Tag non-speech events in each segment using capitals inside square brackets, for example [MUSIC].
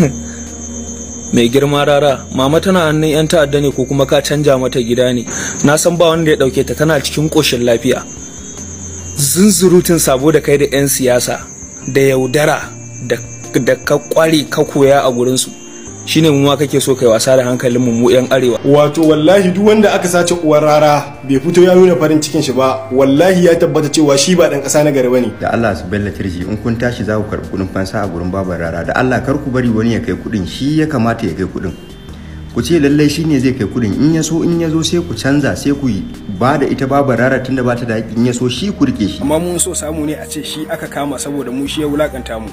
[LAUGHS] mai girma rara mama tana hannun 'yan ta'adda ne ko kuma ka canja mata gida ne na san ba wanda ya dauke ta tana cikin koshin lafiya zunzurutun sabo da kai da 'yan siyasa da yaudara da ka kware ka koya a gurinsu shine mu ma kake so kai wasa da hankalin mu mu yan arewa wato wallahi duk wanda aka sace uwar rara bai fito ya nuna farin cikin shi ba wallahi ya tabbata cewa shi ba dan kasa na gari bane da Allah su bella tirji in kun tashi za ku karbi kudin fansa a gurin babar rara da Allah kar ku bari wani ya kai kudin shi ya kamata ya kai kudin ku ce lallai shi ne zai kai kudin in ya so in ya zo sai ku canza sai ku ba da ita babar rara tunda ba ta da in ya so shi ku rike shi amma mun so samu ne a ce shi aka kama saboda mu shi ya wulakanta mu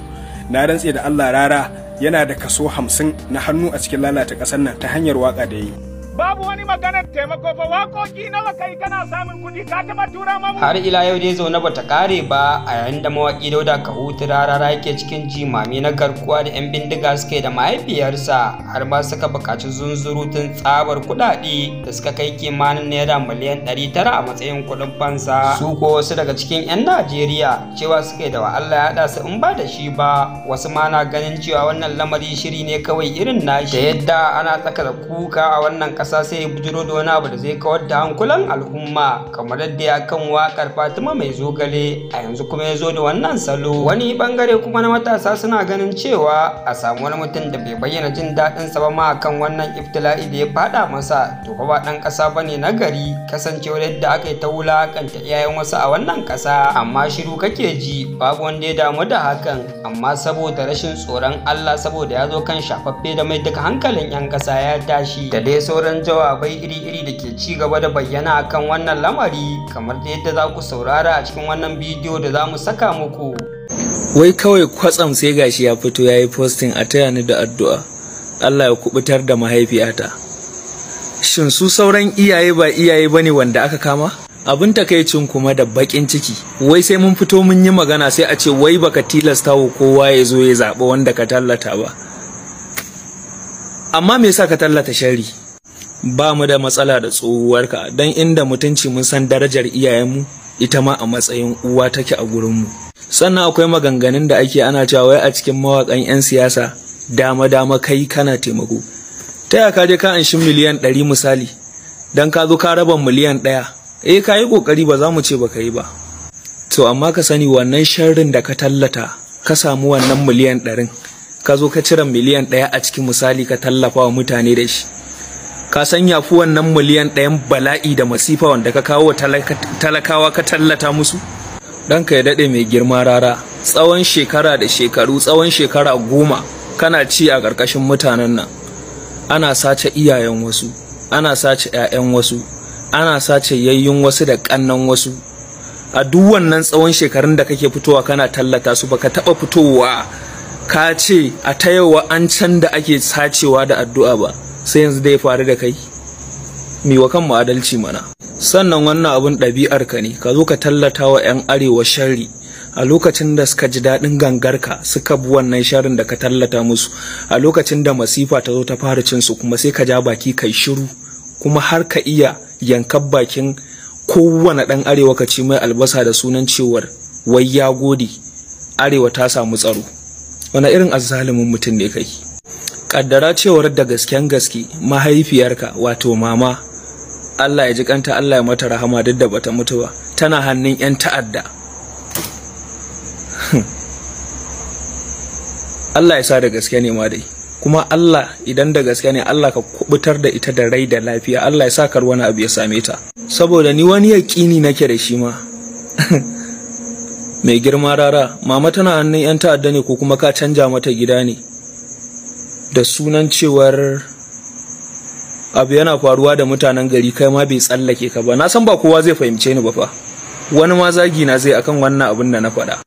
na rantse da Allah rara yana da kaso hamsin na hannu a cikin lalata ƙasar nan ta hanyar waka da yi babu wani maganar taimako ba. wakoki nawa kai kana samun kuɗi ka taɓa tura mamu har ila yau dai zaune bata kare ba a yayin da mawaki dauda kahutu rarara yake cikin jimami na garkuwa da yan bindiga suke da mahaifiyarsa har ma suka zunzuru tun tsabar kuɗaɗe da suka kai kimanin naira miliyan ɗari tara a matsayin kuɗin fansa su ko wasu daga cikin yan najeriya cewa suke da wa Allah ya su in ba da shi ba wasu ma na ganin cewa wannan lamari shiri ne kawai irin nashi da yadda ana tsaka da kuka a wannan ƙasa ƙasa sai ya bujiro da wani abu da zai kawar da hankulan al'umma kamar yadda ya kan wakar fatima mai zogale a yanzu kuma ya zo da wannan salo wani bangare kuma na matasa suna ganin cewa a samu wani mutum da bai bayyana jin daɗin sa ba ma kan wannan iftila'i da ya faɗa masa to ba ɗan ƙasa ne na gari kasancewar yadda aka yi ta wulakanta iyayen wasu a wannan ƙasa amma shiru kake ji babu wanda ya damu da hakan amma saboda rashin tsoron Allah saboda ya zo kan shafaffe da mai duka hankalin 'yan ƙasa ya tashi da dai sauran sauran jawabai iri-iri da ke ci gaba da bayyana kan wannan lamari kamar da yadda za ku saurara a cikin wannan bidiyo da za mu saka muku. Wai kawai kwatsam sai gashi ya fito ya yi postin a taya ni da addu'a. Allah ya kubutar da mahaifiyata. Shin su sauran iyaye ba iyaye ba ne wanda aka kama? Abin takaicin kuma da bakin ciki. Wai sai mun fito mun yi magana sai a ce wai baka tilasta wa kowa ya zo ya zaɓi wanda ka tallata ba. amma me yasa ka tallata shari ba mu da matsala da tsohuwarka don inda mutunci mun san darajar iyayenmu ita ma a matsayin uwa take a gurinmu sannan akwai maganganun da ake ana cewa wai a cikin mawakan 'yan siyasa dama dama kai kana taimako ta yaya ka je ka anshi miliyan ɗari misali don ka zo ka raba miliyan ɗaya eh ka yi ƙoƙari ba za mu ce ba ka yi ba to amma ka sani wannan sharrin da ka tallata ka samu wannan miliyan ɗarin ka zo ka cire miliyan ɗaya a cikin misali ka tallafa wa mutane da shi ka san yafi wannan miliyan ɗayan bala'i da masifa wanda ka kawo talakawa ka tallata musu ɗanka ya daɗe mai girma rara tsawon shekara da shekaru tsawon shekara goma kana ci a ƙarƙashin mutanen nan ana sace iyayen wasu ana sace 'ya'yan wasu ana sace yayyun wasu da ƙannan wasu a duk wannan tsawon shekarun da kake fitowa kana tallata su baka taɓa fitowa ka ce a tayowa an can da ake sacewa da addu'a ba sai yanzu da ya faru da kai mi wa kanmu adalci mana sannan wannan abun ɗabi'ar ka ne ka zo ka tallata wa 'yan arewa sharri a lokacin da suka ji daɗin gangarka suka bi wannan sharin da ka tallata musu a lokacin da masifa ta zo ta fara cin su kuma sai ka ja baki kai shiru kuma har ka iya yankan bakin kowane ɗan arewa ka ci mai albasa da sunan cewar wai ya gode arewa ta samu tsaro wani irin azzalumin mutum ne kai kaddara cewar da gasken gaske mahaifiyarka wato mama Allah ya ji kanta Allah ya mata rahama duk da bata mutu ba tana hannun 'yan ta'adda [LAUGHS] Allah ya sa da gaske ne ma dai kuma Allah idan da gaske ne Allah ka kubutar da ita da rai da lafiya Allah ya sa kar wani abu ya same ta saboda ni wani yaƙini nake da shi ma [LAUGHS] mai girma rara mama tana hannun 'yan ta'adda ne ko kuma ka canja mata gida ne da sunan cewar abu yana faruwa da mutanen gari kai ma bai tsallake ka ba na san ba kowa zai fahimce ni ba fa wani ma zagi na zai akan wannan abin da na faɗa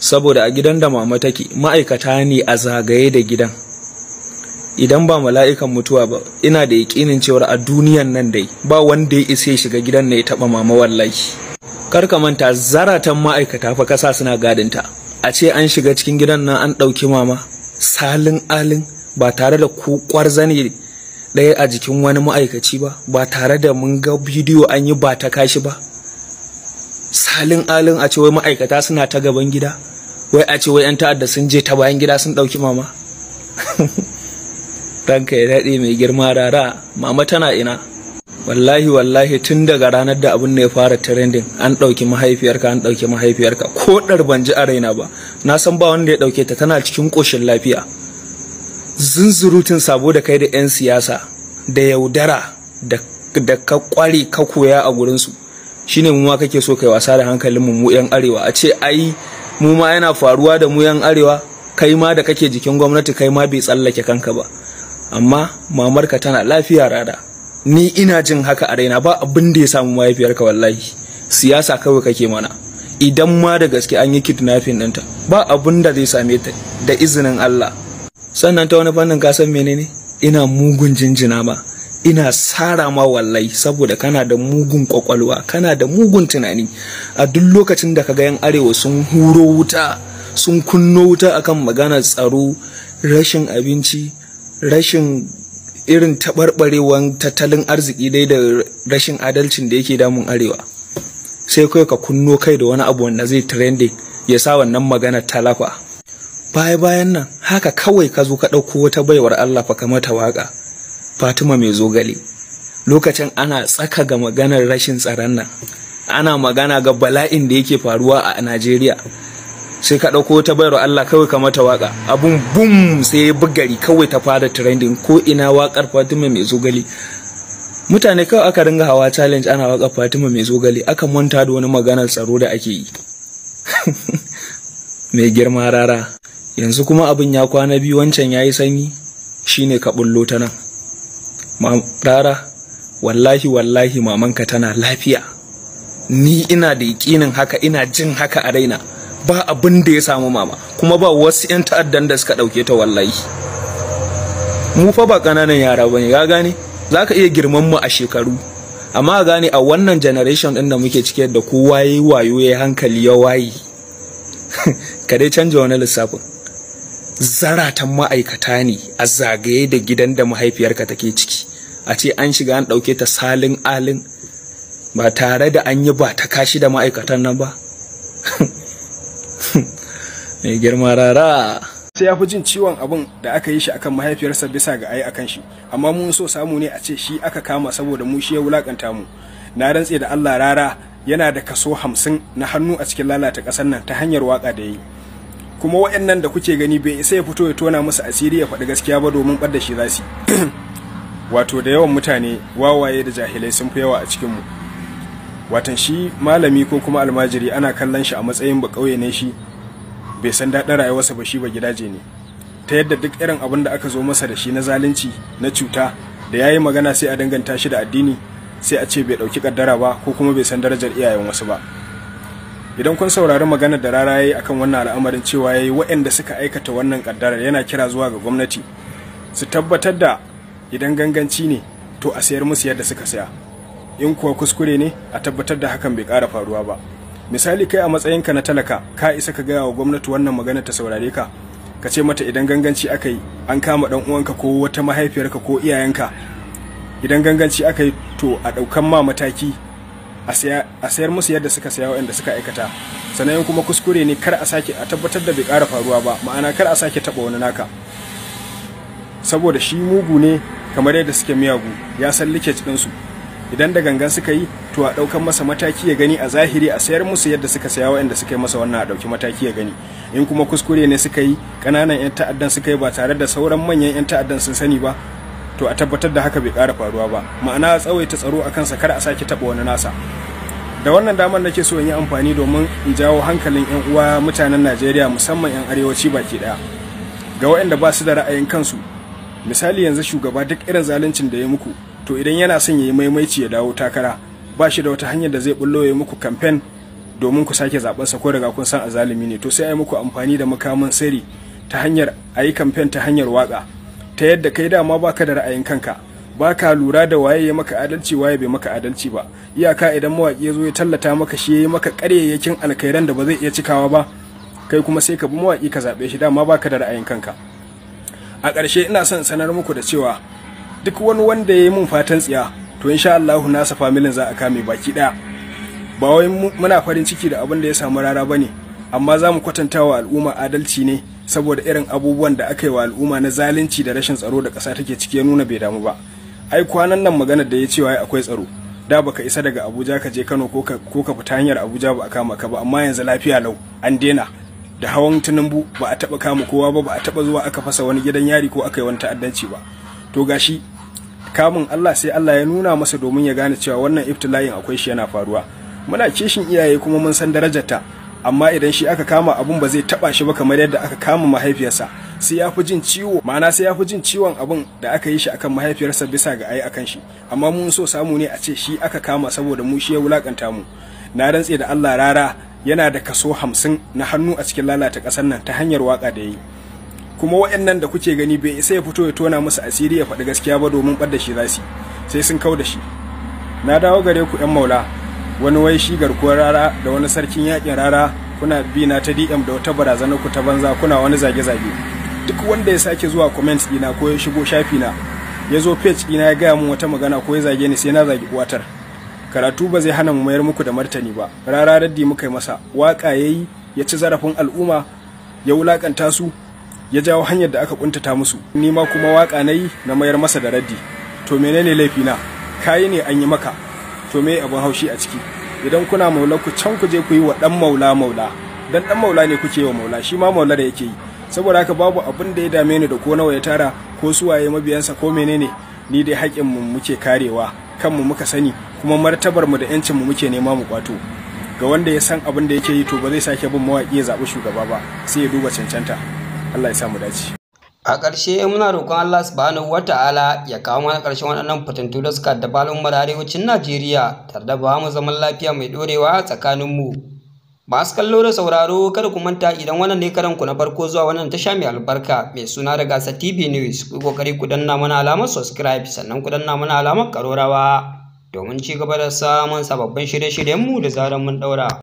saboda a gidan da mama take ma'aikata ne a zagaye da gidan idan ba mala'ikan mutuwa ba ina da yaƙinin cewar a duniyan nan dai ba wanda ya isa ya shiga gidan na ya taɓa mama wallahi kar ka manta zaratan ma'aikata fa kasa suna gadinta a ce an shiga cikin gidan nan an ɗauki mama salin alin ba tare da ku kwarzane ɗaya a jikin wani ma'aikaci ba ba tare da mun ga bidiyo an yi ba ta kashi ba salin alin a ce wai ma'aikata suna ta gaban gida wai a ce wai 'yan ta'adda sun je ta bayan gida sun ɗauki mama [LAUGHS] ranka ya daɗe mai girma rara mama tana ina wallahi wallahi tun daga ranar da abin da ya fara trending an ɗauki mahaifiyarka an ɗauki mahaifiyarka ko ɗar ban ji a raina ba na san ba wanda ya ɗauke ta tana cikin ƙoshin lafiya zunzurutun sabo da kai da 'yan siyasa da yaudara da ka kware ka koya a gurinsu shine mu ma kake so kai wasa da hankalin mu 'yan arewa a ce ai mu ma yana faruwa da mu 'yan arewa kai ma da kake jikin gwamnati kai ma bai tsallake kanka ba amma mamarka tana lafiya rada ni ina jin haka a raina ba abin da ya samu mahaifiyarka wallahi siyasa kawai kake mana idan ma da gaske an yi kidnapping ɗinta ba abin da zai same ta da izinin Allah sannan ta wani fannin ka san menene ina mugun jinjina ba. ina sara ma wallai saboda kana da mugun kwakwalwa kana da mugun tunani a duk lokacin da kaga yan arewa sun huro wuta sun kunno wuta akan maganar tsaro rashin abinci rashin irin taɓarɓarewan tattalin arziki dai da rashin adalcin da yake damun arewa sai kai ka kunno kai da wani abu wanda zai trending ya sa wannan magana talafa baya bayan nan haka kawai ka zo ka ɗauko wata baiwar Allah fa ka mata waƙa Fatima mai zogale lokacin ana tsaka ga maganar rashin tsaron nan ana magana ga bala'in da yake faruwa a Najeriya sai ka ɗauko wata baiwar Allah kawai ka mata waƙa abun bum sai ya bugari kawai ta fara trending ko ina waƙar Fatima mai zogale mutane kawai aka ringa hawa challenge ana waƙar Fatima mai zogale aka manta da wani maganar tsaro da ake yi [LAUGHS] mai girma rara yanzu kuma abin ya kwana biyu wancan ya yi sanyi shine ka bullo ta nan rara wallahi wallahi mamanka tana lafiya ni ina da yakinin haka ina jin haka a raina ba abin da ya samu mama kuma ba wasu 'yan ta'addan da suka ɗauke ta wallahi mu fa ba ƙananan yara ba ne ka gane za ka iya girman mu a shekaru amma a gane a wannan generation ɗin da muke cike da kowa ya yi wayo ya hankali ya waye [LAUGHS] ka dai canja wani lissafin zaratan ma'aikata ne a zagaye da gidan da mahaifiyarka take ciki a ce an shiga an ɗauke ta salin alin ba tare da an yi ba ta kashi da ma'aikatan nan ba [LAUGHS] mai girma rara sai ya fi jin ciwon abin da aka yi shi akan mahaifiyarsa bisa ga ayi akan shi amma mun so samu ne a ce shi aka kama saboda mu shi ya wulakanta mu na rantse da Allah rara yana da kaso hamsin na hannu a cikin lalata ƙasar nan ta hanyar waka da yi kuma waɗannan da kuke gani bai isa ya fito ya tona musu asiri ya faɗi gaskiya ba domin ɓadda shi za [CLEARS THROAT] wato da yawan mutane wawaye da jahilai sun fi yawa a cikinmu watan shi malami ko kuma almajiri ana kallon shi a matsayin ba ƙauye ne shi bai san daɗin rayuwarsa ba shi ba gidaje ne ta yadda duk irin abin da aka zo masa da shi na zalunci na cuta da ya yi magana sai a danganta shi da addini sai a ce bai ɗauki ƙaddara ba ko kuma bai san darajar iyayen wasu ba idan kun saurari magana da rara yayi akan wannan al'amarin cewa yayi waɗanda suka aikata wannan kaddarar yana kira zuwa ga gwamnati su tabbatar da idan ganganci ne to a sayar musu yadda suka saya in kuwa kuskure ne a tabbatar da hakan bai ƙara faruwa ba misali kai a matsayinka na talaka ka isa ka gaya wa gwamnati wannan magana ta saurare ka ka ce mata idan ganganci aka yi an kama dan uwanka ko wata mahaifiyarka ko iyayenka idan ganganci aka yi to a ɗaukan ma mataki a sayar musu yadda suka saya wa'anda suka aikata sanayin kuma kuskure ne kar a sake a tabbatar da bai kara faruwa ba ma'ana kar a sake taba wani naka saboda shi mugu ne kamar yadda suke miyagu ya san like su idan da gangan suka yi to a ɗaukan masa mataki ya gani a zahiri a sayar musu yadda suka saya wa'anda suka yi masa wannan a ɗauki mataki ya gani in kuma kuskure ne suka yi ƙananan 'yan ta'addan suka yi ba tare da sauran manyan 'yan ta'addan sun sani ba to a tabbatar da haka bai ƙara faruwa ba ma'ana tsawaita tsaro a kansa kar a sake taɓa wani nasa da wannan damar nake so in yi amfani domin in jawo hankalin 'yan uwa mutanen najeriya musamman 'yan arewaci baki ɗaya ga waɗanda ba su da ra'ayin kansu misali yanzu shugaba duk irin zaluncin da ya muku to idan yana son ya yi maimaici ya dawo takara ba shi da wata hanyar da zai bullo ya muku kamfen domin ku sake zaben sa ko daga kun san a zalumi ne to sai a yi muku amfani da makamin sirri ta hanyar a yi kamfen ta hanyar waƙa ta yadda kai dama baka da ra'ayin kanka baka lura da waye ya maka adalci waye bai maka adalci ba iyaka idan mawaki ya zo ya tallata maka shi yayi maka ƙaryayyakin alkairan da ba zai iya cikawa ba kai kuma sai ka bi mawaki ka zaɓe shi dama baka da ra'ayin kanka a ƙarshe ina son sanar muku da cewa duk wani wanda ya yi mun fatan tsiya to insha Allah nasa familin za a kame baki ɗaya ba wai muna farin ciki da abin da ya samu rara bane amma za mu kwatanta al'umma adalci ne saboda irin abubuwan da aka yi wa al'umma na zalunci da rashin tsaro da ƙasa take ciki ya nuna bai damu ba ai kwanan nan maganar da ya cewa akwai tsaro da baka isa daga abuja ka je kano ko ka fita hanyar abuja ba a kama ka ba amma yanzu lafiya lau an daina da hawan tinubu ba a taba kama kowa ba ba a taba zuwa aka fasa wani gidan yari ko aka yi wani ta'addanci ba to gashi kamun allah sai allah ya nuna masa domin ya gane cewa wannan iftila'in akwai shi yana faruwa muna kishin iyaye kuma mun san darajarta amma idan shi aka kama abun ba zai taba shi ba kamar yadda aka kama mahaifiyarsa sai ya fi jin ciwo ma'ana sai ya fi jin ciwon abun da aka yi shi akan mahaifiyarsa bisa ga ai akan shi amma mun so samu ne a ce shi aka kama saboda mu shi ya wulakanta mu na rantse da Allah rara yana da kaso hamsin na hannu a cikin lalata ƙasar nan ta hanyar waka da yi kuma waɗannan da kuke gani bai isa ya fito ya tona musu asiri ya faɗi gaskiya ba domin da shi za su sai sun kau da shi na dawo gare ku 'yan maula wani wai shi garkuwar rara da wani sarkin yakin rara kuna bi na ta DM da wata barazana ku ta banza kuna wani zage-zage duk wanda ya sake zuwa comment dina ko ya shigo shafi na ya zo page dina ya gaya mu wata magana ko ya zage ni sai na zage uwatar karatu ba zai hana mu mayar muku da martani ba rara raddi muka yi masa waka yi ya ci zarafin al'umma ya wulakanta su ya jawo hanyar da aka kuntata musu ni ma kuma waka yi na mayar masa da raddi to menene laifi na kayi ne an yi maka to me abin haushi a ciki idan kuna maula ku can ku je ku yi wa dan maula maula dan dan maula ne kuke yi wa maula shi ma maula da yake yi saboda haka babu abin da ya dame ni da ko nawa ya tara ko su suwaye mabiyansa ko menene ni dai haƙƙin mu muke karewa kanmu muka sani kuma martabar mu da yancin mu muke nema mu kwato ga wanda ya san abin da yake yi to ba zai sake bin mawaƙi ya zaɓi shugaba ba sai ya duba cancanta Allah ya sa mu dace a ƙarshe muna roƙon Allah subhanahu wata'ala ya kawo mana ƙarshen waɗannan fitintu da suka da al'ummar arewacin Najeriya tare da ba mu zaman lafiya mai ɗorewa tsakanin mu masu kallo da sauraro kada ku manta idan wannan ne ku na farko zuwa wannan tasha mai albarka mai suna da gasa TV News ku kokari ku danna mana alamar subscribe sannan ku danna mana alamar karorawa domin ci gaba da samun sababbin shirye-shiryen mu da zarar mun ɗaura.